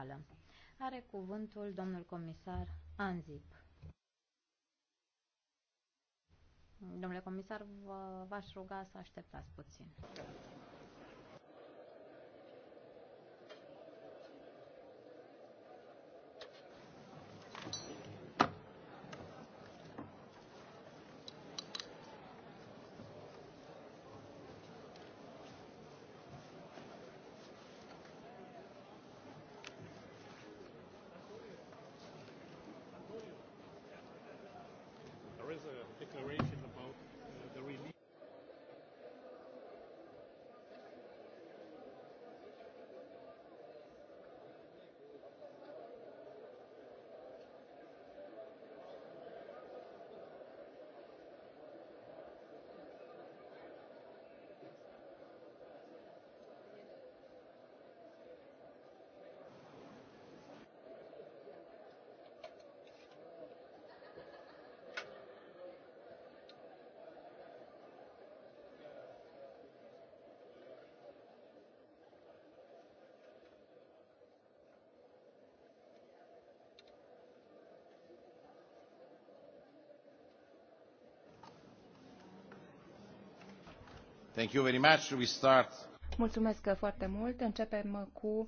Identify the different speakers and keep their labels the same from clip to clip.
Speaker 1: principală. Are cuvântul domnul comisar Anzip. Domnule comisar, v-aș ruga să așteptați puțin.
Speaker 2: Mulțumesc foarte mult. Începem cu uh,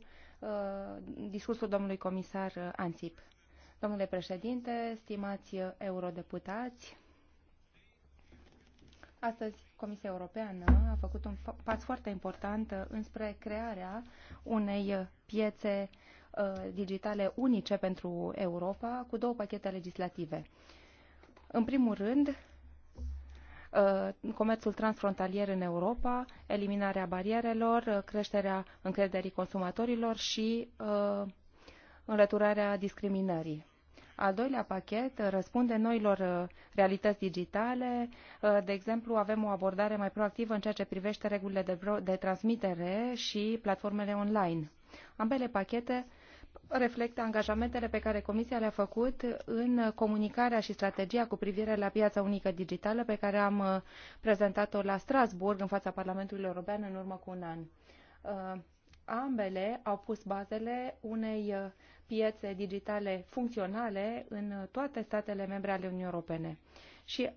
Speaker 2: discursul domnului comisar Ansip. Domnule președinte, stimați eurodeputați, Astăzi, Comisia Europeană a făcut un pas foarte important înspre crearea unei piețe uh, digitale unice pentru Europa cu două pachete legislative. În primul rând, Uh, comerțul transfrontalier în Europa, eliminarea barierelor, uh, creșterea încrederii consumatorilor și uh, înlăturarea discriminării. Al doilea pachet răspunde noilor realități digitale. De exemplu, avem o abordare mai proactivă în ceea ce privește regulile de, transmitere și platformele online. Ambele pachete reflectă angajamentele pe care Comisia le-a făcut în comunicarea și strategia cu privire la piața unică digitală pe care am uh, prezentat-o la Strasbourg în fața Parlamentului European în urmă cu un an. Uh, ambele au pus bazele unei uh, piețe digitale funcționale în toate statele membre ale Uniunii Europene. Și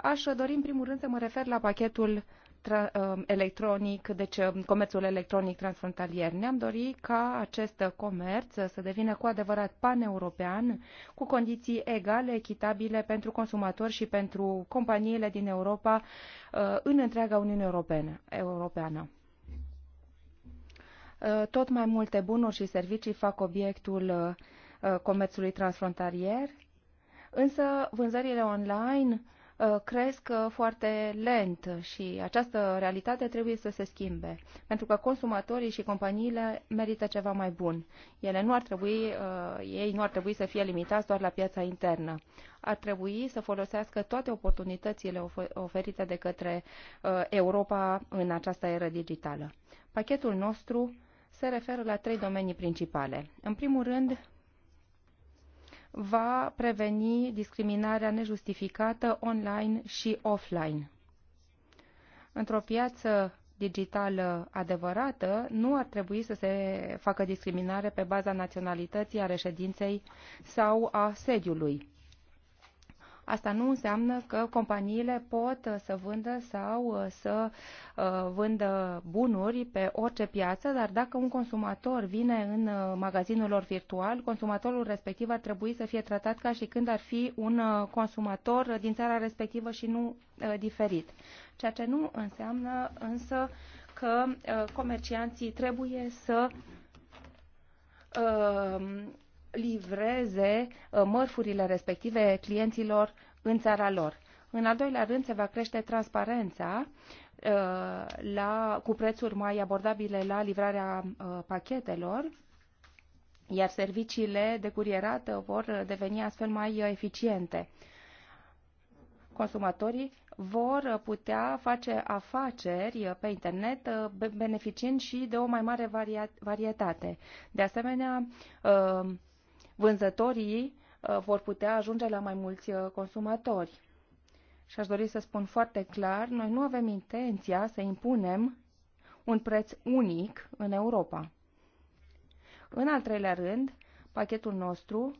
Speaker 2: aș dori în primul rând să mă refer la pachetul Um, electronic, deci um, comerțul electronic transfrontalier. Ne-am dorit ca acest comerț să devină cu adevărat pan-european, cu condiții egale, echitabile pentru consumatori și pentru companiile din Europa uh, în întreaga Uniune Europeană uh, tot mai multe bunuri și servicii fac obiectul uh, comerțului transfrontalier, însă vânzările online Uh, cresc uh, foarte lent și această realitate trebuie să se schimbe, pentru că consumatorii și companiile merită ceva mai bun. Ele nu ar trebui, uh, ei nu ar trebui să fie limitați doar la piața internă. Ar trebui să folosească toate oportunitățile oferite de către Europa în această eră digitală. Pachetul nostru se referă la trei domenii principale. În primul rând, va preveni discriminarea nejustificată online și offline. Într-o piață digitală adevărată, nu ar trebui să se facă discriminare pe baza naționalității, a reședinței sau a sediului. Asta nu înseamnă că companiile pot să vândă sau uh, să uh, vândă bunuri pe orice piață, dar dacă un consumator vine în uh, magazinul lor virtual, consumatorul respectiv ar trebui să fie tratat ca și când ar fi un consumator din țara respectivă și nu diferit. Ceea ce nu înseamnă însă că comercianții trebuie să livreze uh, mărfurile respective clienților în țara lor. În al doilea rând, se va crește transparența uh, la, cu prețuri mai abordabile la livrarea uh, pachetelor, iar serviciile de curierat vor deveni astfel mai eficiente. Consumatorii vor putea face afaceri pe internet, beneficiind și de o mai mare varietate. De asemenea, vânzătorii uh, vor putea ajunge la mai mulți uh, consumatori. Și aș dori să spun foarte clar, noi nu avem intenția să impunem un preț unic în Europa. În al treilea rând, pachetul nostru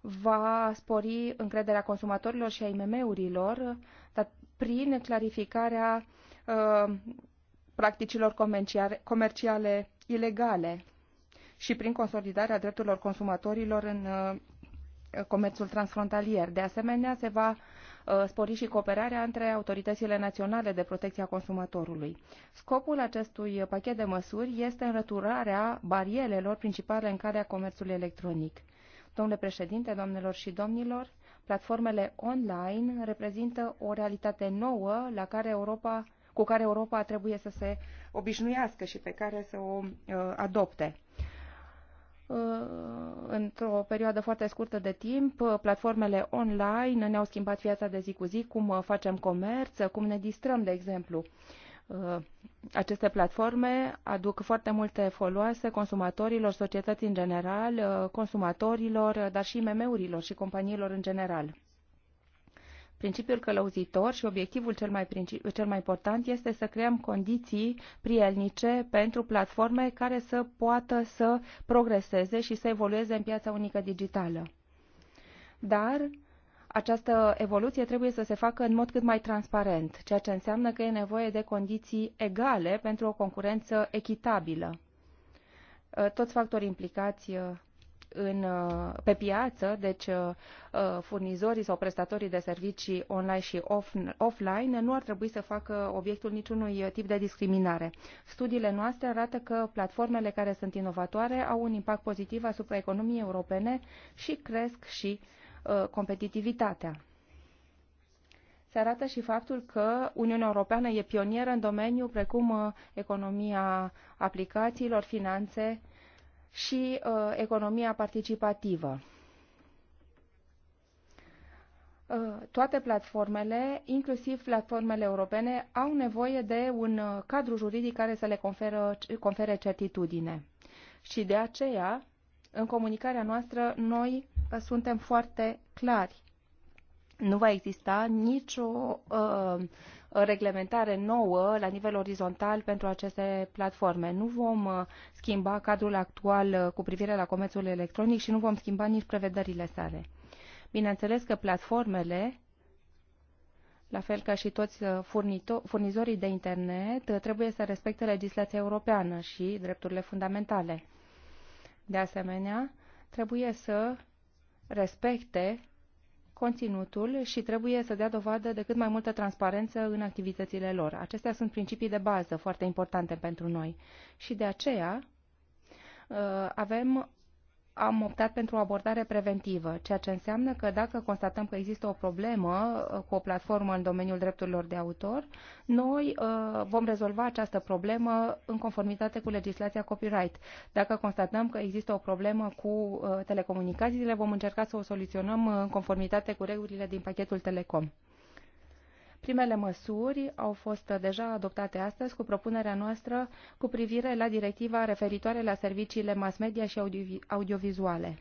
Speaker 2: va spori încrederea consumatorilor și a IMM-urilor, dar prin clarificarea uh, practicilor comerciale ilegale și prin consolidarea drepturilor consumatorilor în uh, comerțul transfrontalier. De asemenea, se va uh, spori și cooperarea între autoritățile naționale de protecție a consumatorului. Scopul acestui pachet de măsuri este înrăturarea barierelor principale în calea comerțului electronic. Domnule președinte, doamnelor și domnilor, platformele online reprezintă o realitate nouă la care Europa, cu care Europa trebuie să se obișnuiască și pe care să o uh, adopte. Uh, într-o perioadă foarte scurtă de timp, uh, platformele online ne-au schimbat viața de zi cu zi, cum uh, facem comerț, cum ne distrăm, de exemplu. Aceste platforme aduc foarte multe foloase consumatorilor, societății în general, consumatorilor, dar și MM-urilor și companiilor în general. Principiul călăuzitor și obiectivul cel mai, cel mai important este să creăm condiții prielnice pentru platforme care să poată să progreseze și să evolueze în piața unică digitală. Dar această evoluție trebuie să se facă în mod cât mai transparent, ceea ce înseamnă că e nevoie de condiții egale pentru o concurență echitabilă. Toți factorii implicați în, uh, pe piață, deci uh, uh, furnizorii sau prestatorii de servicii online și off, offline nu ar trebui să facă obiectul niciunui tip de discriminare. Studiile noastre arată că platformele care sunt inovatoare au un impact pozitiv asupra economiei europene și cresc și uh, competitivitatea se arată și faptul că Uniunea Europeană e pionieră în domeniu precum economia aplicațiilor, finanțe și uh, economia participativă. Uh, toate platformele, inclusiv platformele europene, au nevoie de un uh, cadru juridic care să le conferă, confere certitudine. Și de aceea, în comunicarea noastră, noi uh, suntem foarte clari. Nu va exista nicio uh, Uh, reglementare nouă la nivel orizontal pentru aceste platforme. Nu vom uh, schimba cadrul actual uh, cu privire la comerțul electronic și nu vom schimba nici prevederile sale. Bineînțeles că platformele la fel ca și toți furnizorii de internet, trebuie să respecte legislația europeană și drepturile fundamentale. De asemenea, trebuie să respecte conținutul și trebuie să dea dovadă de cât mai multă transparență în activitățile lor. Acestea sunt principii de bază foarte importante pentru noi și de aceea uh, avem am optat pentru o abordare preventivă, ceea ce înseamnă că dacă constatăm că există o problemă uh, cu o platformă în domeniul drepturilor de autor, noi uh, vom rezolva această problemă în conformitate cu legislația copyright. Dacă constatăm că există o problemă cu uh, telecomunicațiile, vom încerca să o soluționăm în conformitate cu regulile din pachetul Telecom. Primele măsuri au fost deja adoptate astăzi cu propunerea noastră cu privire la directiva referitoare la serviciile mass media și audio audiovizuale.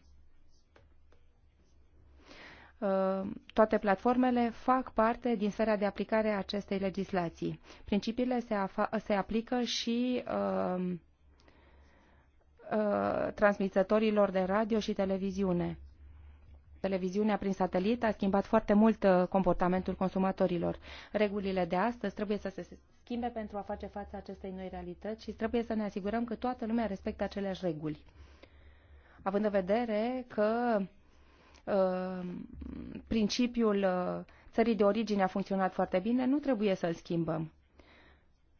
Speaker 2: Uh, toate platformele fac parte din sfera de aplicare a acestei legislații. Principiile se, se aplică și uh, uh, transmisătorilor de radio și televiziune televiziunea prin satelit a schimbat foarte mult uh, comportamentul consumatorilor. Regulile de astăzi trebuie să se schimbe pentru a face față acestei noi realități și trebuie să ne asigurăm că toată lumea respectă aceleași reguli. Având în vedere că uh, principiul uh, țării de origine a funcționat foarte bine, nu trebuie să-l schimbăm.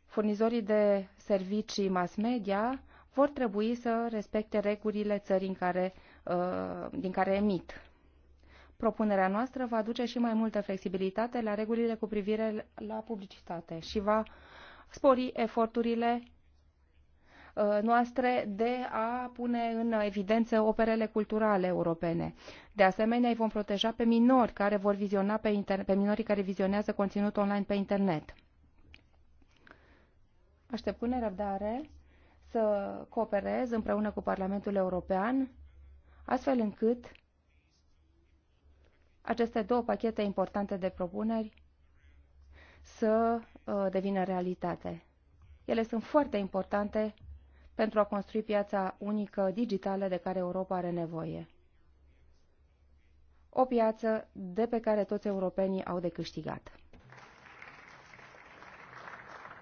Speaker 2: Furnizorii de servicii mass media vor trebui să respecte regulile țării în care, uh, din care emit. Propunerea noastră va aduce și mai multă flexibilitate la regulile cu privire la publicitate și va spori eforturile uh, noastre de a pune în evidență operele culturale europene. De asemenea, îi vom proteja pe minori care vor viziona pe, inter- pe minorii care vizionează conținut online pe internet. Aștept cu nerăbdare să cooperez împreună cu Parlamentul European, astfel încât aceste două pachete importante de propuneri să uh, devină realitate. Ele sunt foarte importante pentru a construi piața unică digitală de care Europa are nevoie. O piață de pe care toți europenii au de câștigat.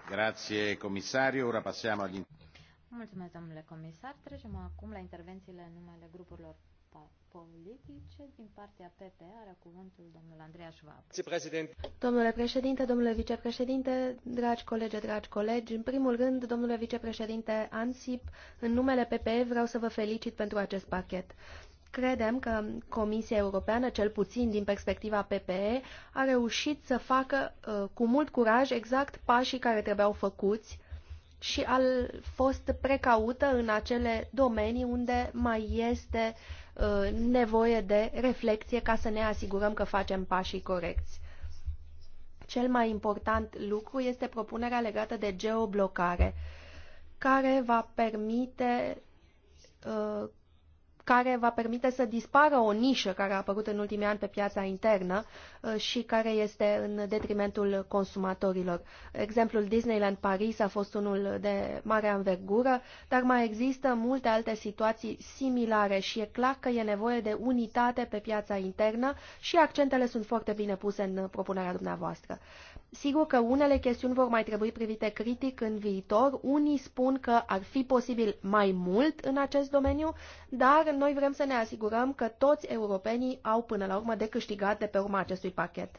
Speaker 1: Grazie, comisariu. Ora passiamo agli... Mulțumesc, domnule comisar. Trecem acum la intervențiile în numele grupurilor politice. Din partea PP are cuvântul domnul Andreea
Speaker 3: Schwab. Domnule președinte, domnule vicepreședinte, dragi colegi, dragi colegi, în primul rând, domnule vicepreședinte ANSIP, în numele PPE vreau să vă felicit pentru acest pachet. Credem că Comisia Europeană, cel puțin din perspectiva PPE, a reușit să facă uh, cu mult curaj exact pașii care trebuiau făcuți și a fost precaută în acele domenii unde mai este uh, nevoie de reflexie ca să ne asigurăm că facem pașii corecți. Cel mai important lucru este propunerea legată de geoblocare, care va permite uh, care va permite să dispară o nișă care a apărut în ultimii ani pe piața internă uh, și care este în detrimentul consumatorilor. Exemplul Disneyland Paris a fost unul de mare anvergură, dar mai există multe alte situații similare și e clar că e nevoie de unitate pe piața internă și accentele sunt foarte bine puse în propunerea dumneavoastră. Sigur că unele chestiuni vor mai trebui privite critic în viitor. Unii spun că ar fi posibil mai mult în acest domeniu, dar noi vrem să ne asigurăm că toți europenii au până la urmă de câștigat de pe urma acestui pachet.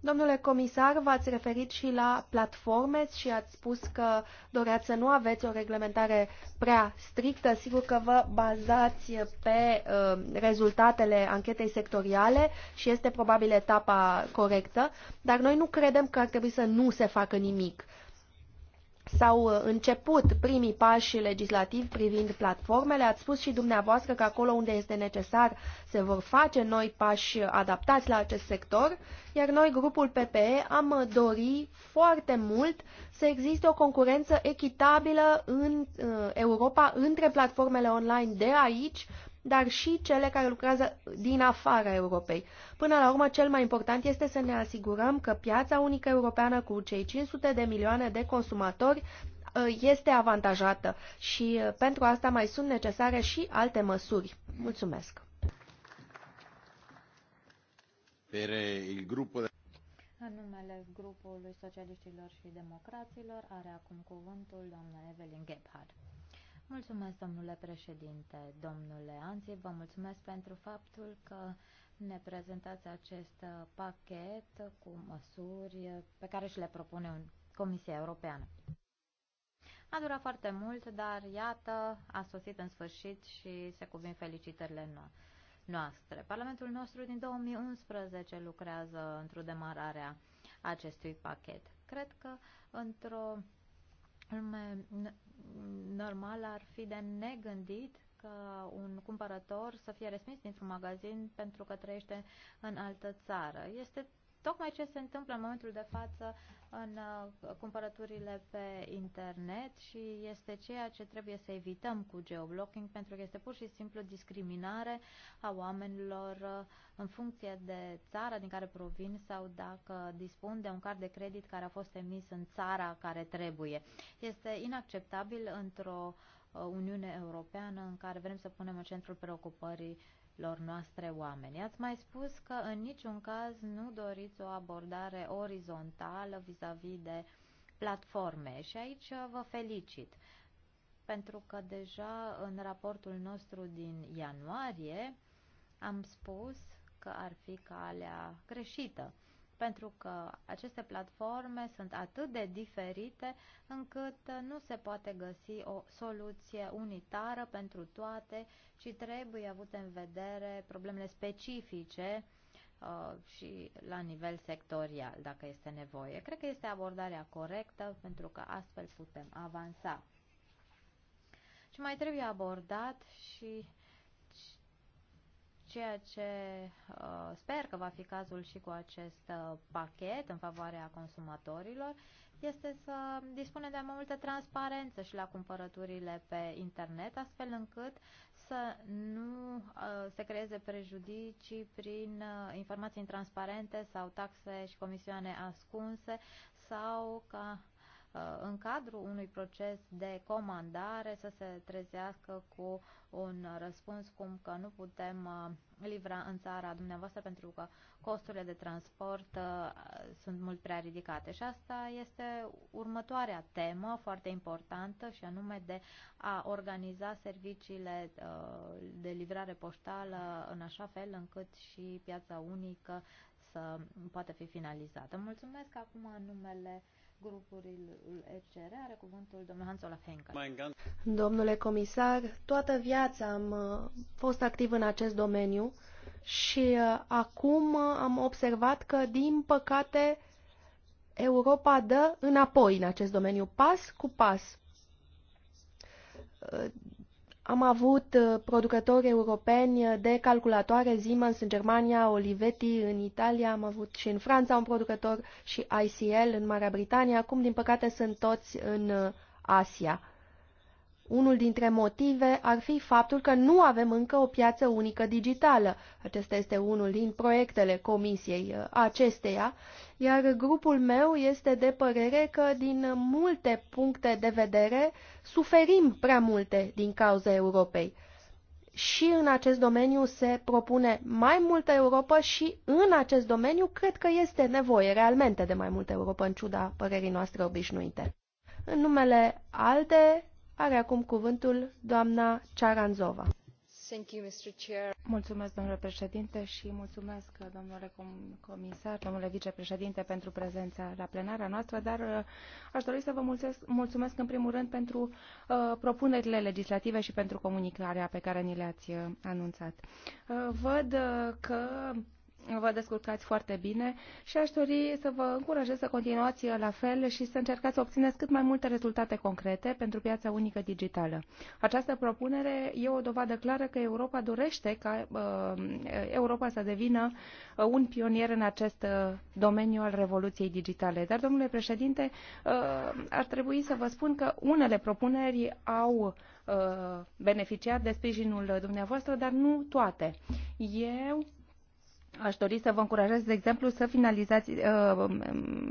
Speaker 3: Domnule comisar, v-ați referit și la platforme și ați spus că doreați să nu aveți o reglementare prea strictă. Sigur că vă bazați pe uh, rezultatele anchetei sectoriale și este probabil etapa corectă, dar noi nu credem că ar trebui să nu se facă nimic. Uh, S-au uh, început primii pași legislativi privind platformele. Ați spus și dumneavoastră că acolo unde este necesar se vor face noi pași adaptați la acest sector, iar noi, grupul PPE, am uh, dori foarte mult să existe o concurență echitabilă în uh, Europa între platformele online de aici, dar și cele care lucrează din afara Europei. Până la urmă, cel mai important este să ne asigurăm că piața unică europeană cu cei 500 de milioane de consumatori uh, este avantajată și uh, pentru asta mai sunt necesare și alte măsuri. Mulțumesc!
Speaker 1: În numele grupului socialiștilor și democraților are acum cuvântul doamna Evelyn Gebhardt. Mulțumesc, domnule președinte. Domnule Anzi, vă mulțumesc pentru faptul că ne prezentați acest uh, pachet cu măsuri pe care și le propune Comisia Europeană. A durat foarte mult, dar iată, a sosit în sfârșit și se cuvin felicitările noastre. Parlamentul nostru din 2011 lucrează într-o demarare acestui pachet. Cred că într-o lume normal ar fi de negândit ca un cumpărător să fie resmis dintr-un magazin pentru că trăiește în altă țară. Este tocmai ce se întâmplă în momentul de față în uh, cumpărăturile pe internet și este ceea ce trebuie să evităm cu geoblocking pentru că este pur și simplu discriminare a oamenilor uh, în funcție de țara din care provin sau dacă dispun de un card de credit care a fost emis în țara care trebuie. Este inacceptabil într-o uh, Uniune Europeană în care vrem să punem în centrul preocupării lor noastre oameni. Ați mai spus că în niciun caz nu doriți o abordare orizontală vis-a-vis -vis de platforme și aici uh, vă felicit pentru că deja în raportul nostru din ianuarie am spus că ar fi calea greșită pentru că aceste platforme sunt atât de diferite încât nu se poate găsi o soluție unitară pentru toate, ci trebuie avute în vedere problemele specifice uh, și la nivel sectorial, dacă este nevoie. Cred că este abordarea corectă pentru că astfel putem avansa. Și mai trebuie abordat și ceea ce uh, sper că va fi cazul și cu acest uh, pachet în favoarea consumatorilor, este să dispune de mai multă transparență și la cumpărăturile pe internet, astfel încât să nu uh, se creeze prejudicii prin uh, informații intransparente sau taxe și comisioane ascunse sau ca Uh, în cadrul unui proces de comandare să se trezească cu un răspuns cum că nu putem uh, livra în țara dumneavoastră pentru că costurile de transport uh, sunt mult prea ridicate. Și asta este următoarea temă foarte importantă și anume de a organiza serviciile de livrare poștală în așa fel încât și piața unică să poată fi finalizată. Mulțumesc acum în numele are cuvântul domnul Hans Olaf
Speaker 3: Henkel. Domnule comisar, toată viața am uh, fost activ în acest domeniu și uh, acum uh, am observat că, din păcate, Europa dă înapoi în acest domeniu, pas cu pas. Am avut uh, producători europeni uh, de calculatoare, Siemens în Germania, Olivetti în Italia, am avut și în Franța un producător și ICL în Marea Britanie, acum din păcate sunt toți în uh, Asia. Unul dintre motive ar fi faptul că nu avem încă o piață unică digitală. Acesta este unul din proiectele comisiei uh, acesteia, iar grupul meu este de părere că din multe puncte de vedere suferim prea multe din cauza Europei. Și în acest domeniu se propune mai multă Europa și în acest domeniu cred că este nevoie realmente de mai multă Europa în ciuda părerii noastre obișnuite. În numele ALDE, are acum cuvântul doamna Cearanzova.
Speaker 2: Mulțumesc, domnule președinte, și mulțumesc, domnule comisar, domnule vicepreședinte, pentru prezența la plenara noastră, dar uh, aș dori să vă mulțumesc, mulțumesc în primul rând pentru uh, propunerile legislative și pentru comunicarea pe care ni le-ați uh, anunțat. Uh, văd uh, că vă descurcați foarte bine și aș dori să vă încurajez să continuați la fel și să încercați să obțineți cât mai multe rezultate concrete pentru piața unică digitală. Această propunere e o dovadă clară că Europa dorește ca uh, Europa să devină uh, un pionier în acest uh, domeniu al revoluției digitale. Dar, domnule președinte, ar trebui să vă spun că unele propuneri au beneficiat de sprijinul dumneavoastră, dar nu toate. Eu Aș dori să vă încurajez, de exemplu, să finalizați uh, um,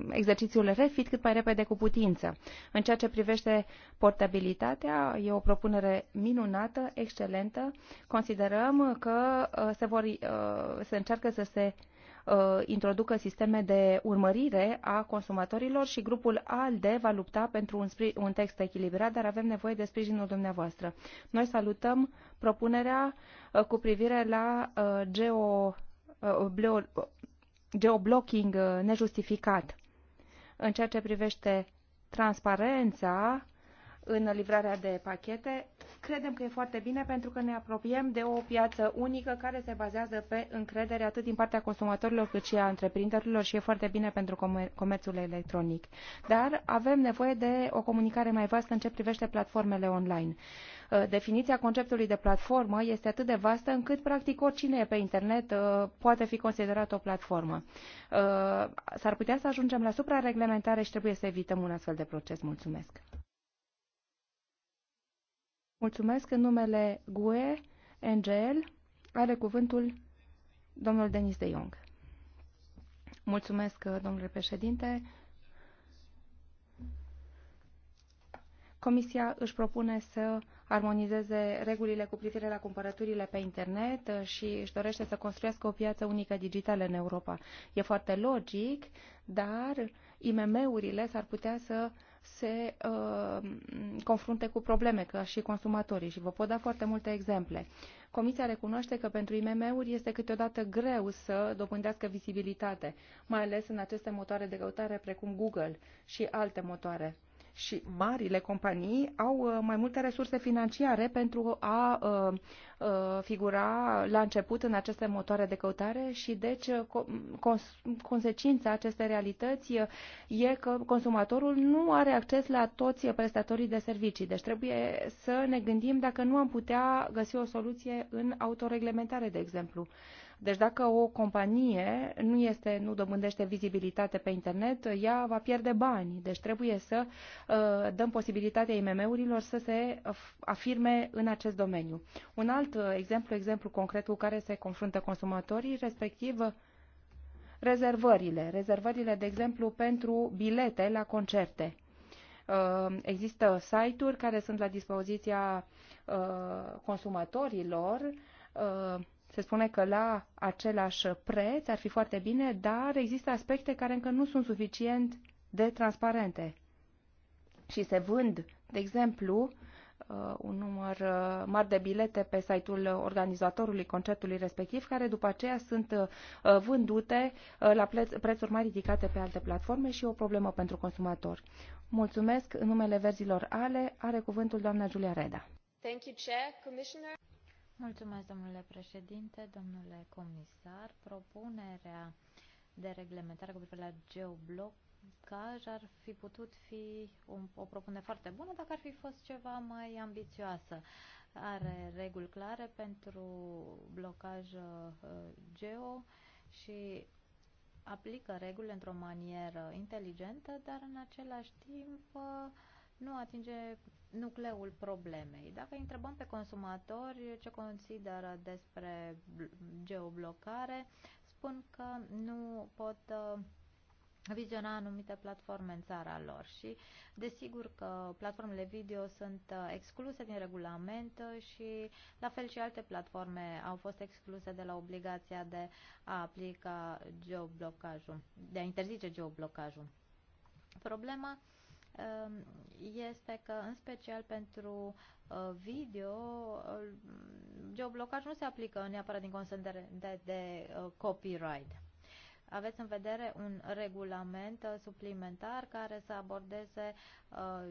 Speaker 2: exercițiul REFIT cât mai repede cu putință. În ceea ce privește portabilitatea, e o propunere minunată, excelentă. Considerăm că uh, se, vor, uh, se încearcă să se uh, introducă sisteme de urmărire a consumatorilor și grupul ALDE va lupta pentru un, un text echilibrat, dar avem nevoie de sprijinul dumneavoastră. Noi salutăm propunerea uh, cu privire la uh, geo geoblocking uh, nejustificat. În ceea ce privește transparența, în livrarea de pachete. Credem că e foarte bine pentru că ne apropiem de o piață unică care se bazează pe încredere atât din partea consumatorilor cât și a întreprinderilor și e foarte bine pentru comer comerțul electronic. Dar avem nevoie de o comunicare mai vastă în ce privește platformele online. Uh, definiția conceptului de platformă este atât de vastă încât practic oricine e pe internet uh, poate fi considerat o platformă. Uh, s-ar putea să ajungem la suprareglementare și trebuie să evităm un astfel de proces. Mulțumesc! Mulțumesc în numele GUE, NGL, are cuvântul domnul Denis de Jong. Mulțumesc, domnule președinte. Comisia își propune să armonizeze regulile cu privire la cumpărăturile pe internet și își dorește să construiască o piață unică digitală în Europa. E foarte logic, dar IMM-urile s-ar putea să se uh, confrunte cu probleme ca și consumatorii și vă pot da foarte multe exemple. Comisia recunoaște că pentru IMM-uri este câteodată greu să dobândească vizibilitate, mai ales în aceste motoare de căutare precum Google și alte motoare și marile companii au uh, mai multe resurse financiare pentru a uh, uh, figura la început în aceste motoare de căutare și deci consecința acestei realități e că consumatorul nu are acces la toți prestatorii de servicii. Deci trebuie să ne gândim dacă nu am putea găsi o soluție în autoreglementare, de exemplu. Deci dacă o companie nu, este, nu dobândește vizibilitate pe internet, ea va pierde bani. Deci trebuie să uh, dăm posibilitatea IMM-urilor să se afirme în acest domeniu. Un alt uh, exemplu, exemplu concret cu care se confruntă consumatorii, respectiv rezervările. Rezervările, de exemplu, pentru bilete la concerte. Uh, există site-uri care sunt la dispoziția consumatorilor se spune că la același preț ar fi foarte bine, dar există aspecte care încă nu sunt suficient de transparente și se vând, de exemplu, uh, un număr uh, mare de bilete pe site-ul organizatorului concertului respectiv, care după aceea sunt uh, vândute la prețuri mai ridicate pe alte platforme și o problemă pentru consumator. Mulțumesc. În numele verzilor ale are cuvântul doamna Julia Reda.
Speaker 3: Thank you, Chair, Commissioner.
Speaker 1: Mulțumesc, domnule președinte, domnule comisar. Propunerea de reglementare cu privire la geoblocaj ar fi putut fi un, o propunere foarte bună dacă ar fi fost ceva mai ambițioasă. Are reguli clare pentru blocaj uh, geo și aplică regulile într-o manieră inteligentă, dar în același timp uh, nu atinge nucleul problemei. Dacă îi întrebăm pe consumatori ce consideră despre geoblocare, spun că nu pot uh, viziona anumite platforme în țara lor și desigur că platformele video sunt uh, excluse din regulament uh, și la fel și alte platforme au fost excluse de la obligația de a aplica geoblocajul, de a interzice geoblocajul. Problema Ehm, este că, în special pentru uh, video, uh, geoblocaj nu se aplică neapărat din considerare de, de uh, copyright. Aveți în vedere un regulament suplimentar care să abordeze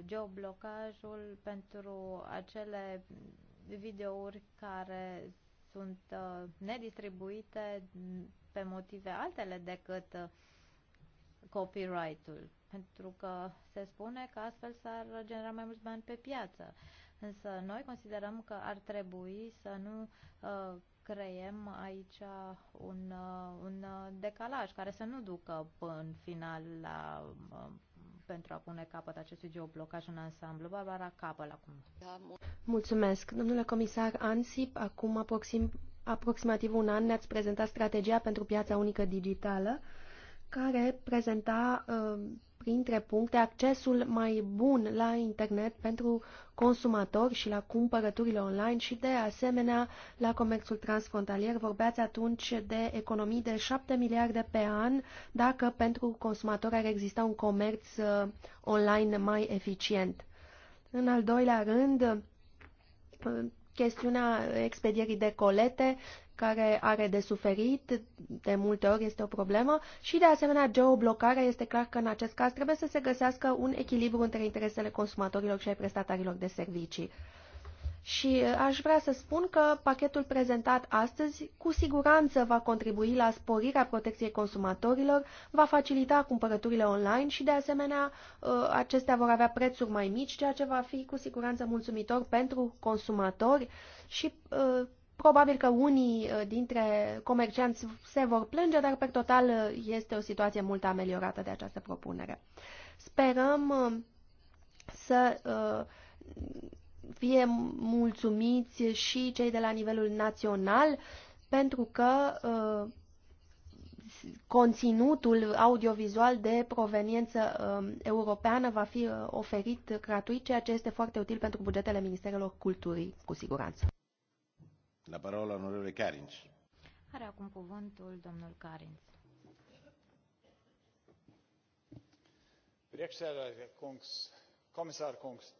Speaker 1: geoblocajul pentru acele videouri care sunt nedistribuite pe motive altele decât copyright-ul pentru că se spune că astfel s-ar genera mai mulți bani pe piață. Însă noi considerăm că ar trebui să nu uh, creem aici un, uh, un uh, decalaj care să nu ducă în final la, uh, pentru a pune capăt acestui geoblocaj în ansamblu. Barbara Capăl acum.
Speaker 3: Mulțumesc. Domnule comisar Ansip, acum aproxim, aproximativ un an ne-ați prezentat strategia pentru piața unică digitală care prezenta uh, printre puncte accesul mai bun la internet pentru consumatori și la cumpărăturile online și de asemenea la comerțul transfrontalier. Vorbeați atunci de economii de 7 miliarde pe an dacă pentru consumatori ar exista un comerț uh, online mai eficient. În al doilea rând, uh, chestiunea expedierii de colete care are de suferit, de multe ori este o problemă, și de asemenea geoblocarea este clar că în acest caz trebuie să se găsească un echilibru între interesele consumatorilor și ai prestatarilor de servicii. Și uh, aș vrea să spun că pachetul prezentat astăzi cu siguranță va contribui la sporirea protecției consumatorilor, va facilita cumpărăturile online și, de asemenea, uh, acestea vor avea prețuri mai mici, ceea ce va fi cu siguranță mulțumitor pentru consumatori și uh, Probabil că unii uh, dintre comercianți se vor plânge, dar pe total uh, este o situație mult ameliorată de această propunere. Sperăm uh, să fie mulțumiți și cei de la nivelul național, pentru că conținutul audiovizual de proveniență europeană va fi oferit gratuit, ceea ce este foarte util pentru bugetele Ministerelor Culturii, cu siguranță.
Speaker 1: La parola onorevole Carinț. Are acum cuvântul domnul Carinț. Comisar Kungs,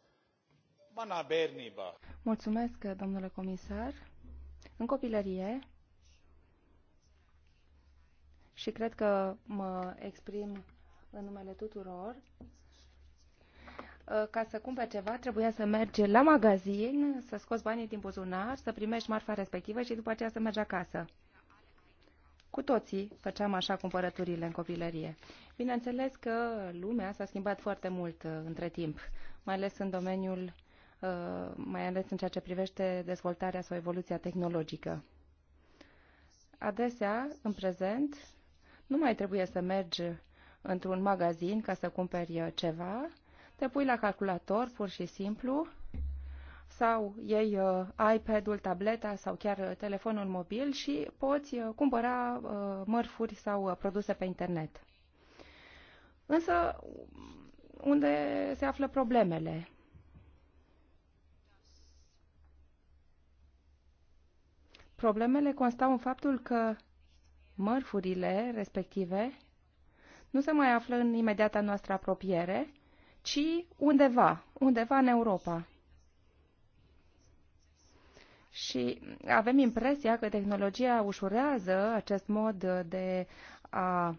Speaker 1: mana berniba.
Speaker 2: Mulțumesc, domnule comisar. În copilărie, și cred că mă exprim în numele tuturor, Uh, ca să cumperi ceva, trebuia să mergi la magazin, să scoți banii din buzunar, să primești marfa respectivă și după aceea să mergi acasă. Cu toții făceam așa cumpărăturile în copilărie. Bineînțeles că lumea s-a schimbat foarte mult uh, între timp, mai ales în domeniul, uh, mai ales în ceea ce privește dezvoltarea sau evoluția tehnologică. Adesea, în prezent, nu mai trebuie să mergi într-un magazin ca să cumperi ceva, te pui la calculator, pur și simplu, sau iei uh, iPad-ul, tableta sau chiar uh, telefonul mobil și poți uh, cumpăra uh, mărfuri sau uh, produse pe internet. Însă, unde se află problemele? Problemele constau în faptul că mărfurile respective nu se mai află în imediata noastră apropiere ci undeva, undeva în Europa. Și avem impresia că tehnologia ușurează acest mod de a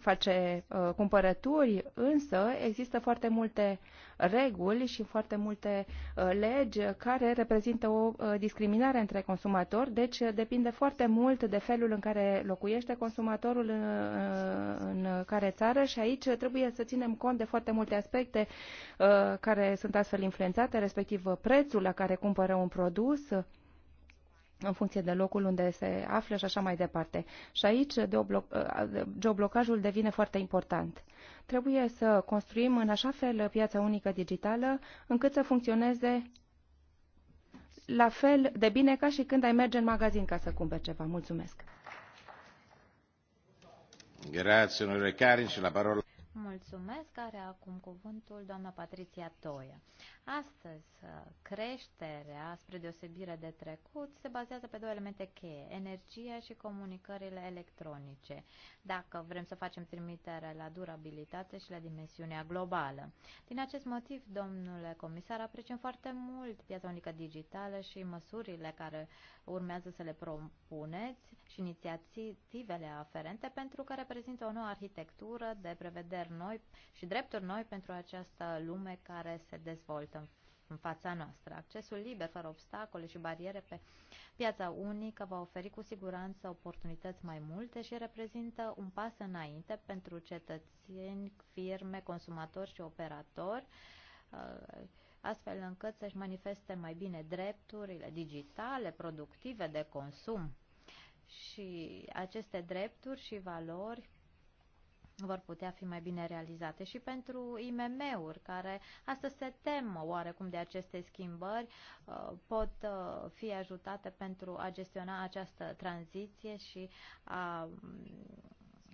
Speaker 2: face uh, cumpărături, însă există foarte multe reguli și foarte multe uh, legi care reprezintă o uh, discriminare între consumatori, deci uh, depinde foarte mult de felul în care locuiește consumatorul în, uh, uh, în care țară și aici trebuie să ținem cont de foarte multe aspecte care sunt astfel influențate, respectiv prețul la care cumpără un produs, în funcție de locul unde se află și așa mai departe. Și aici geoblocajul devine foarte important. Trebuie să construim în așa fel piața unică digitală încât să funcționeze la fel de bine ca și când ai merge în magazin ca să cumperi ceva. Mulțumesc!
Speaker 1: Grazie, onorevole Carin, și la parola.
Speaker 2: Mulțumesc,
Speaker 1: are acum cuvântul doamna Patricia Toia. Astăzi, uh, creșterea, spre deosebire de trecut, se bazează pe două elemente cheie, energia și comunicările electronice, dacă vrem să facem trimitere la durabilitate și la dimensiunea globală. Din acest motiv, domnule comisar, apreciem foarte mult piața unică digitală și măsurile care urmează să le propuneți și inițiativele aferente pentru că reprezintă o nouă arhitectură de prevederi noi și drepturi noi pentru această lume care se dezvoltă în fața noastră. Accesul liber, fără obstacole și bariere pe piața unică va oferi cu siguranță oportunități mai multe și reprezintă un pas înainte pentru cetățeni, firme, consumatori și operatori uh, astfel încât să-și manifeste mai bine drepturile digitale, productive, de consum. Și aceste drepturi și valori vor putea fi mai bine realizate și pentru IMM-uri care astăzi se tem oarecum de aceste schimbări uh, pot uh, fi ajutate pentru a gestiona această tranziție și a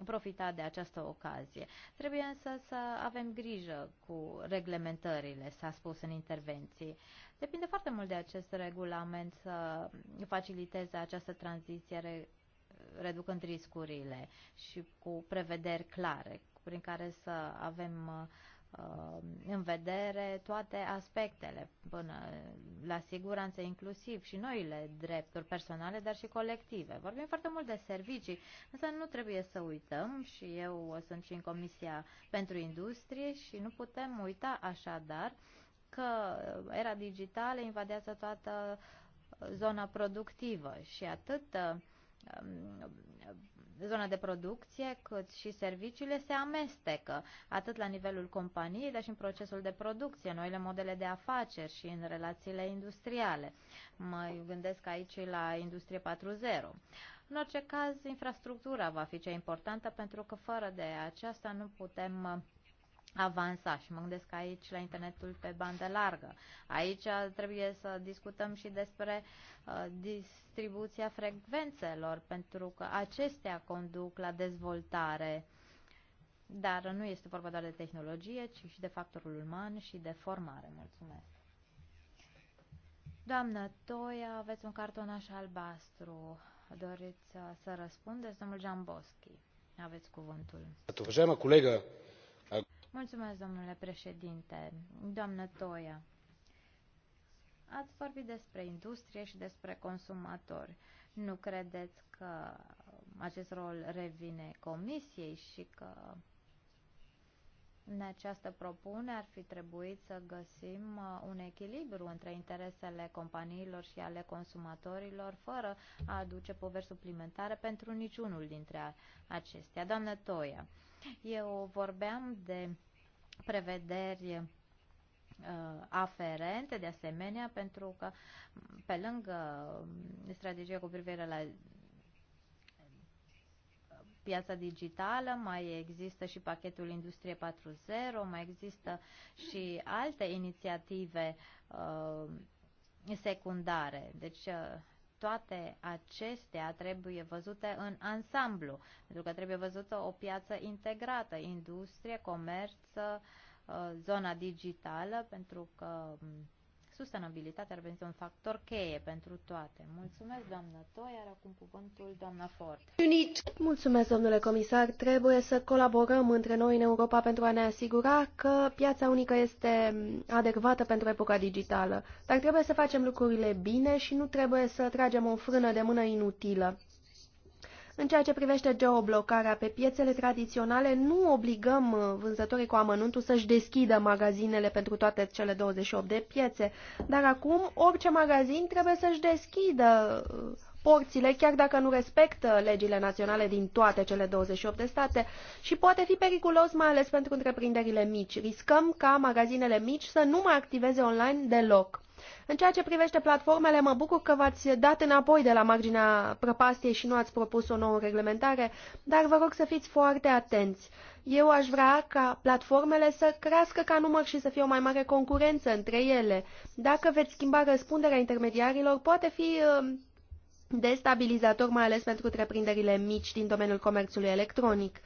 Speaker 1: profita de această ocazie. Trebuie însă să avem grijă cu reglementările, s-a spus în intervenții. Depinde foarte mult de acest regulament să faciliteze această tranziție reducând riscurile și cu prevederi clare prin care să avem uh, Uh, în vedere toate aspectele, până la siguranță inclusiv și noile drepturi personale, dar și colective. Vorbim foarte mult de servicii, însă nu trebuie să uităm și eu sunt și în Comisia pentru Industrie și nu putem uita așadar că era digitală invadează toată uh, zona productivă și atât uh, zona de producție, cât și serviciile se amestecă, atât la nivelul companiei, dar și în procesul de producție, noile modele de afaceri și în relațiile industriale. Mă gândesc aici la Industrie 4.0. În orice caz, infrastructura va fi cea importantă pentru că fără de aceasta nu putem avansa și mă gândesc aici la internetul pe bandă largă. Aici trebuie să discutăm și despre uh, distribuția frecvențelor, pentru că acestea conduc la dezvoltare. Dar nu este vorba doar de tehnologie, ci și de factorul uman și de formare. Mulțumesc! Doamnă Toia, aveți un cartonaș albastru. Doriți uh, să răspundeți, domnul Jamboschi. Aveți cuvântul. Уважаема colegă, Mulțumesc, domnule președinte. Doamnă Toia, ați vorbit despre industrie și despre consumatori. Nu credeți că acest rol revine comisiei și că în această propunere ar fi trebuit să găsim uh, un echilibru între interesele companiilor și ale consumatorilor, fără a aduce poveri suplimentare pentru niciunul dintre acestea. Doamnă Toia, eu vorbeam de prevederi uh, aferente, de asemenea, pentru că pe lângă uh, strategia cu privire la piața digitală, mai există și pachetul Industrie 4.0, mai există și alte inițiative uh, secundare. Deci uh, toate acestea trebuie văzute în ansamblu, pentru că trebuie văzută o piață integrată, industrie, comerț, uh, zona digitală, pentru că uh, sustenabilitatea veni un factor cheie pentru toate. Mulțumesc, doamnă Toi, iar acum cuvântul doamna Ford.
Speaker 3: Mulțumesc, domnule comisar. Trebuie să colaborăm între noi în Europa pentru a ne asigura că piața unică este adecvată pentru epoca digitală. Dar trebuie să facem lucrurile bine și nu trebuie să tragem o frână de mână inutilă. În ceea ce privește geoblocarea pe piețele tradiționale, nu obligăm uh, vânzătorii cu amănuntul să-și deschidă magazinele pentru toate cele 28 de piețe, dar acum orice magazin trebuie să-și deschidă uh, porțile, chiar dacă nu respectă legile naționale din toate cele 28 de state și poate fi periculos mai ales pentru întreprinderile mici. Riscăm ca magazinele mici să nu mai activeze online deloc. În ceea ce privește platformele, mă bucur că v-ați dat înapoi de la marginea prăpastiei și nu ați propus o nouă reglementare, dar vă rog să fiți foarte atenți. Eu aș vrea ca platformele să crească ca număr și să fie o mai mare concurență între ele. Dacă veți schimba răspunderea intermediarilor, poate fi uh, destabilizator, mai ales pentru întreprinderile mici din domeniul comerțului electronic.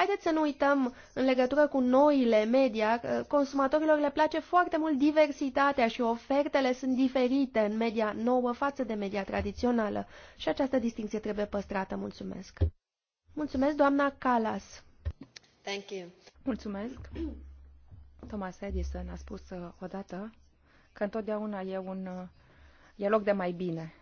Speaker 3: Haideți să nu uităm, în legătură cu noile media, consumatorilor le place foarte mult diversitatea și ofertele sunt diferite în media nouă față de media tradițională. Și această distinție trebuie păstrată. Mulțumesc! Mulțumesc, doamna Calas! Thank you. Mulțumesc! Thomas Edison a spus uh,
Speaker 2: odată că întotdeauna e un uh, e loc de mai bine.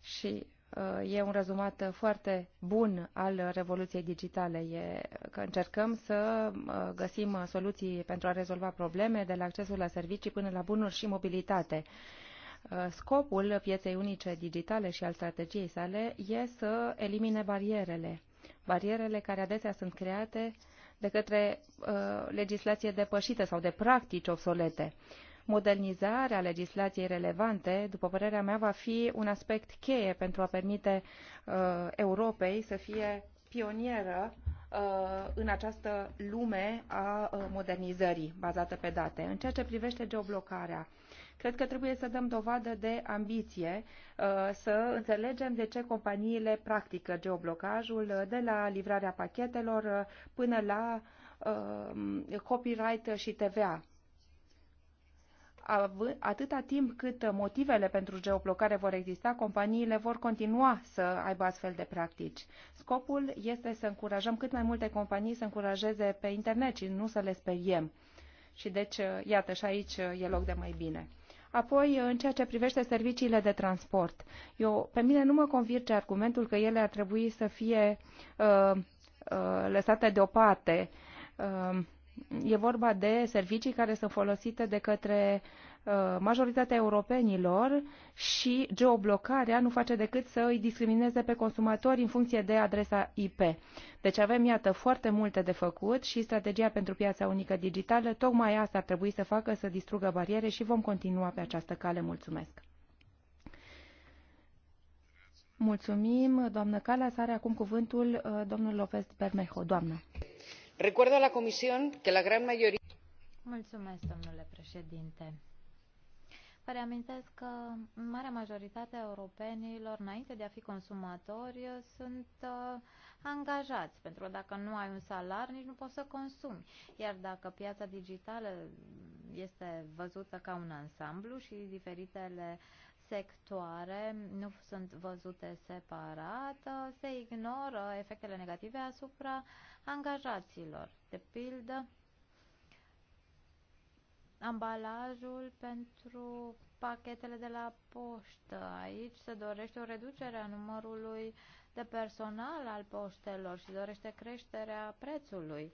Speaker 2: Și Uh, e un rezumat uh, foarte bun al revoluției digitale. E că încercăm să uh, găsim soluții pentru a rezolva probleme, de la accesul la servicii până la bunuri și mobilitate. Scopul pieței unice digitale și al strategiei sale e să elimine barierele. Barierele care adesea sunt create de către uh, legislație depășită sau de practici obsolete. Uh, modernizarea legislației relevante, după părerea mea, va fi un aspect cheie pentru a permite uh, Europei să fie pionieră uh, în această lume a uh, modernizării bazată pe date. În ceea ce privește geoblocarea, cred că trebuie să dăm dovadă de ambiție, uh, să înțelegem de ce companiile practică geoblocajul, de la livrarea pachetelor până la copyright și TVA atâta timp cât motivele pentru geoblocare vor exista, companiile vor continua să aibă astfel de practici. Scopul este să încurajăm cât mai multe companii să încurajeze pe internet și nu să le speriem. Și deci, iată, și aici e loc de mai bine. Apoi, în ceea ce privește serviciile de transport, eu, pe mine nu mă convinge argumentul că ele ar trebui să fie uh, uh, lăsate deoparte. Uh, E vorba de servicii care sunt folosite de către uh, majoritatea europenilor și geoblocarea nu face decât să îi discrimineze pe consumatori în funcție de adresa IP. Deci avem, iată, foarte multe de făcut și strategia pentru piața unică digitală tocmai asta ar trebui să facă, să distrugă bariere și vom continua pe această cale. Mulțumesc! Mulțumim, doamnă Calas. Are acum cuvântul uh, domnul Lopez Bermejo. Doamnă recuerdo a la comisión que la gran mayoría.
Speaker 1: Mulțumesc, domnule președinte. Vă reamintesc că marea majoritate a europenilor, înainte de a fi consumatori, sunt uh, angajați, pentru că dacă nu ai un salar, nici nu poți să consumi. Iar dacă piața digitală este văzută ca un ansamblu și diferitele sectoare nu sunt văzute separat, se ignoră efectele negative asupra angajaților. De pildă, ambalajul pentru pachetele de la poștă. Aici se dorește o reducere a numărului de personal al poștelor și dorește creșterea prețului.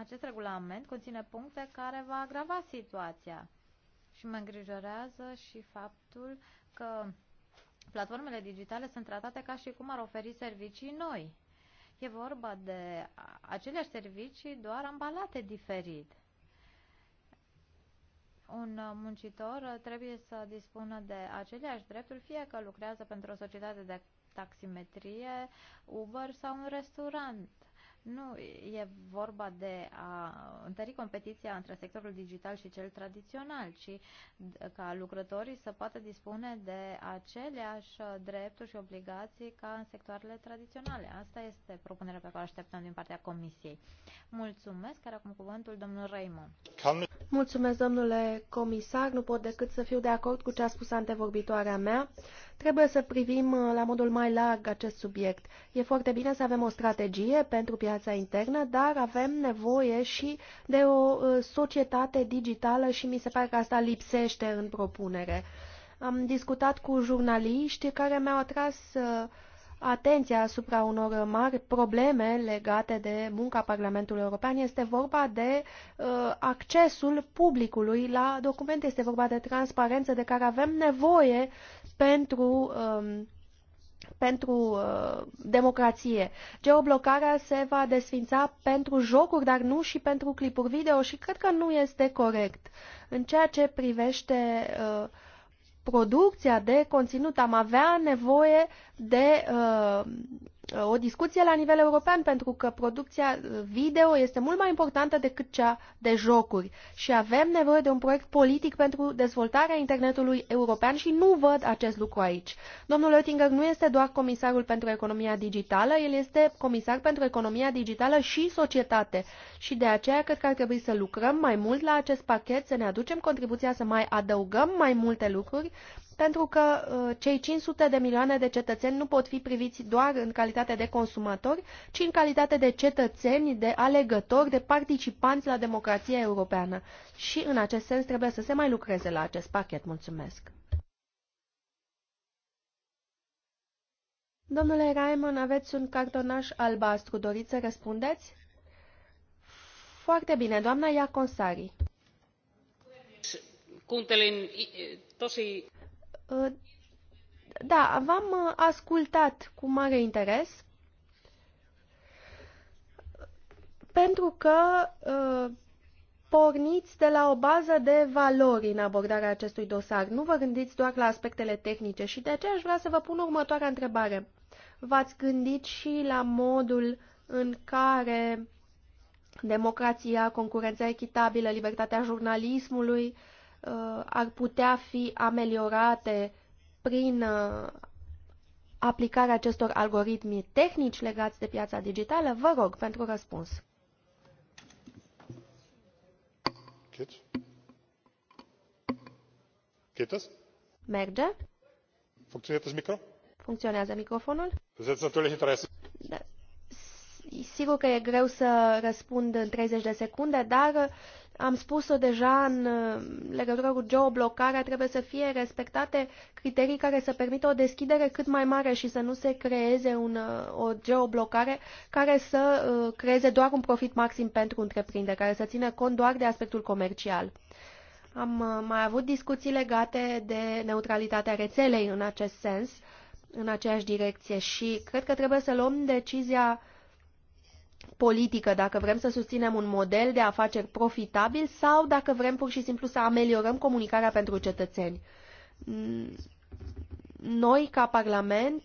Speaker 1: Acest regulament conține puncte care va agrava situația. Și mă îngrijorează și faptul că platformele digitale sunt tratate ca și cum ar oferi servicii noi. E vorba de aceleași servicii, doar ambalate diferit. Un muncitor trebuie să dispună de aceleași drepturi, fie că lucrează pentru o societate de taximetrie, Uber sau un restaurant nu e vorba de a întări competiția între sectorul digital și cel tradițional, ci ca lucrătorii să poată dispune de aceleași drepturi și obligații ca în sectoarele tradiționale. Asta este propunerea pe care o așteptăm din partea Comisiei. Mulțumesc, care acum cuvântul domnul Raymond.
Speaker 3: Mulțumesc, domnule comisar. Nu pot decât să fiu de acord cu ce a spus antevorbitoarea mea. Trebuie să privim uh, la modul mai larg acest subiect. E foarte bine să avem o strategie pentru piața piața internă, dar avem nevoie și de o uh, societate digitală și mi se pare că asta lipsește în propunere. Am discutat cu jurnaliști care mi-au atras uh, atenția asupra unor mari probleme legate de munca Parlamentului European. Este vorba de uh, accesul publicului la documente, este vorba de transparență de care avem nevoie pentru um, pentru uh, democrație. Geoblocarea se va desfința pentru jocuri, dar nu și pentru clipuri video și cred că nu este corect. În ceea ce privește uh, producția de conținut, am avea nevoie de uh, o discuție la nivel european, pentru că producția video este mult mai importantă decât cea de jocuri și avem nevoie de un proiect politic pentru dezvoltarea internetului european și nu văd acest lucru aici. Domnul Oettinger nu este doar comisarul pentru economia digitală, el este comisar pentru economia digitală și societate și de aceea cred că ar trebui să lucrăm mai mult la acest pachet, să ne aducem contribuția să mai adăugăm mai multe lucruri pentru că uh, cei 500 de milioane de cetățeni nu pot fi priviți doar în calitate de consumatori, ci în calitate de cetățeni, de alegători, de participanți la democrația europeană. Și în acest sens trebuie să se mai lucreze la acest pachet. Mulțumesc! Domnule Raimon, aveți un cartonaș albastru. Doriți să răspundeți? Foarte bine, doamna Iaconsari.
Speaker 2: Kuuntelin tosi
Speaker 3: Uh, da, v-am uh, ascultat cu mare interes pentru că uh, porniți de la o bază de valori în abordarea acestui dosar. Nu vă gândiți doar la aspectele tehnice și de aceea aș vrea să vă pun următoarea întrebare. V-ați gândit și la modul în care democrația, concurența echitabilă, libertatea jurnalismului, uh, Uh, ar putea fi ameliorate prin uh, aplicarea acestor algoritmi tehnici legați de piața digitală? Vă rog pentru răspuns. Merge? Funcționează microfonul? Da. Sigur că e greu să răspund în 30 de secunde, dar am spus-o deja în uh, legătură cu geoblocarea, trebuie să fie respectate criterii care să permită o deschidere cât mai mare și să nu se creeze un, uh, o geoblocare care să uh, creeze doar un profit maxim pentru întreprinde, care să țină cont doar de aspectul comercial. Am mai avut discuții legate de neutralitatea rețelei în acest sens, în aceeași direcție și cred că trebuie să luăm decizia politică, dacă vrem să susținem un model de afaceri profitabil sau dacă vrem pur și simplu să ameliorăm comunicarea pentru cetățeni. Noi, ca Parlament,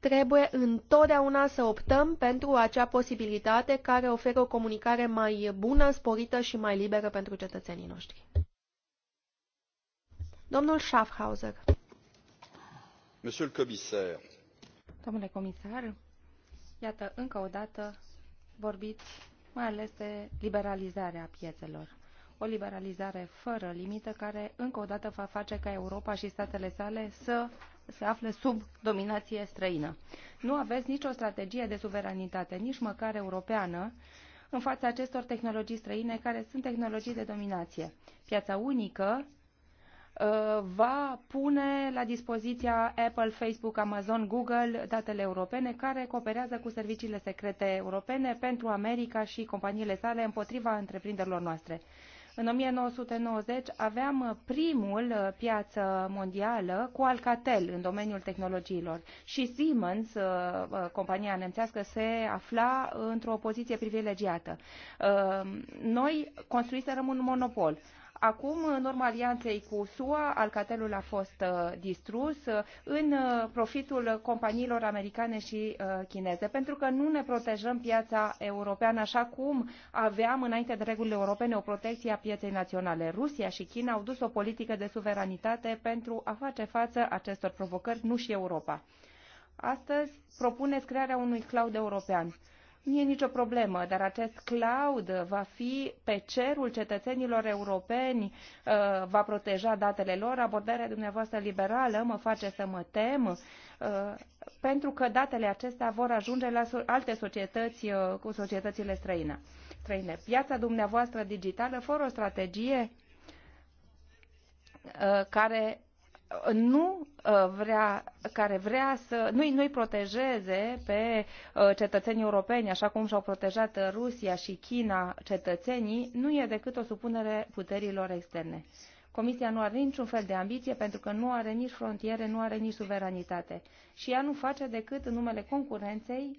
Speaker 3: trebuie întotdeauna să optăm pentru acea posibilitate care oferă o comunicare mai bună, sporită și mai liberă pentru cetățenii noștri. Domnul Schaffhauser.
Speaker 2: Domnule comisar, iată, încă o dată vorbiți mai ales de liberalizarea piețelor. O liberalizare fără limită care încă o dată va face ca Europa și statele sale să se afle sub dominație străină. Nu aveți nicio strategie de suveranitate, nici măcar europeană, în fața acestor tehnologii străine care sunt tehnologii de dominație. Piața unică Uh, va pune la dispoziția Apple, Facebook, Amazon, Google datele europene care cooperează cu serviciile secrete europene pentru America și companiile sale împotriva întreprinderilor noastre. În 1990 aveam primul piață mondială cu Alcatel în domeniul tehnologiilor și Siemens, uh, uh, compania nemțească, se afla într-o poziție privilegiată. Noi construiserăm un monopol. Acum, în urma alianței cu SUA, Alcatelul a fost uh, distrus uh, în uh, profitul companiilor americane și chineze, pentru că nu ne protejăm piața europeană așa cum aveam înainte de regulile europene o protecție a pieței naționale. Rusia și China au dus o politică de suveranitate pentru a face față acestor provocări, nu și Europa. Astăzi propuneți crearea unui cloud european e nicio problemă, dar acest cloud va fi pe cerul cetățenilor europeni, uh, va proteja datele lor. Abordarea dumneavoastră liberală mă face să mă tem, uh, pentru că datele acestea vor ajunge la alte societăți uh, cu societățile străine. străine. Piața dumneavoastră digitală, fără o strategie care nu uh, vrea, care vrea să nu nu-i protejeze pe uh, cetățenii europeni, așa cum și-au protejat Rusia și China cetățenii, nu e decât o supunere puterilor externe. Comisia nu are niciun fel de ambiție pentru că nu are nici frontiere, nu are nici suveranitate. Și ea nu face decât în numele concurenței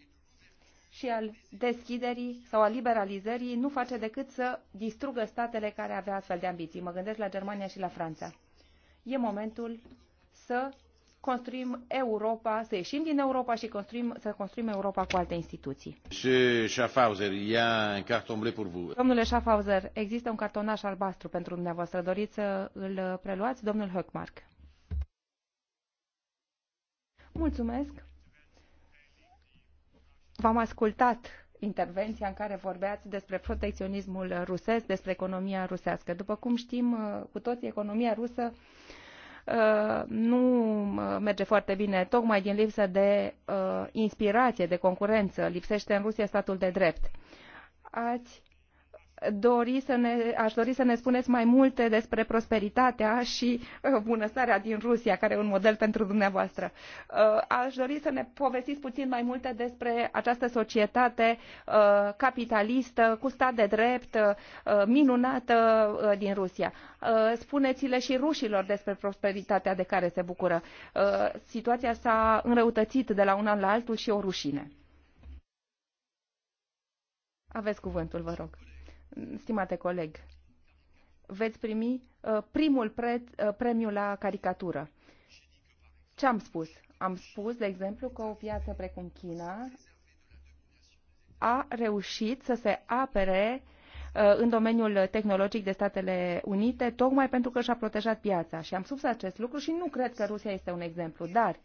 Speaker 2: și al deschiderii sau al liberalizării, nu face decât să distrugă statele care avea astfel de ambiții. Mă gândesc la Germania și la Franța e momentul să construim Europa, să ieșim din Europa și construim, să construim Europa cu alte instituții.
Speaker 3: Schaffhauser, y a un carton bleu pour vous. Domnule
Speaker 2: Schaffhauser, există un cartonaș albastru pentru dumneavoastră. Doriți să îl preluați? Domnul Höckmark. Mulțumesc. V-am ascultat intervenția în care vorbeați despre protecționismul rusesc, despre economia rusească. După cum știm uh, cu toții, economia rusă uh, nu uh, merge foarte bine, tocmai din lipsă de inspirație, de concurență. Lipsește în Rusia statul de drept. Ați aș dori să ne spuneți mai multe despre prosperitatea și uh, bunăstarea din Rusia, care e un model pentru dumneavoastră. Uh, aș dori să ne povestiți puțin mai multe despre această societate uh, capitalistă, cu stat de drept, minunată din Rusia. Spuneți-le și rușilor despre prosperitatea de care se bucură. Situația s-a înrăutățit de la un an la altul și o rușine. Aveți cuvântul, vă rog stimate coleg, veți primi uh, primul pre, uh, premiu la caricatură. Ce am spus? Am spus, de exemplu, că o piață precum China a reușit să se apere uh, în domeniul tehnologic de Statele Unite, tocmai pentru că și-a protejat piața. Și am spus acest lucru și nu cred că Rusia este un exemplu, dar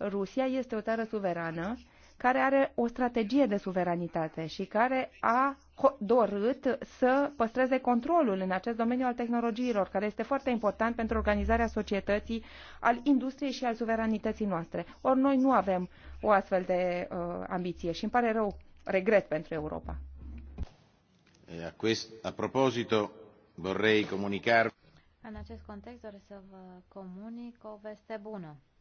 Speaker 2: Rusia este o țară suverană care are o strategie de suveranitate și care a dorit să păstreze controlul în acest domeniu al tehnologiilor, care este foarte important pentru organizarea societății, al industriei și al suveranității noastre. Ori noi nu avem o astfel de uh, ambiție și îmi pare rău, regret pentru Europa.
Speaker 1: E a, quest, a proposito, vorrei comunicar... În acest context doresc să vă comunic o veste bună.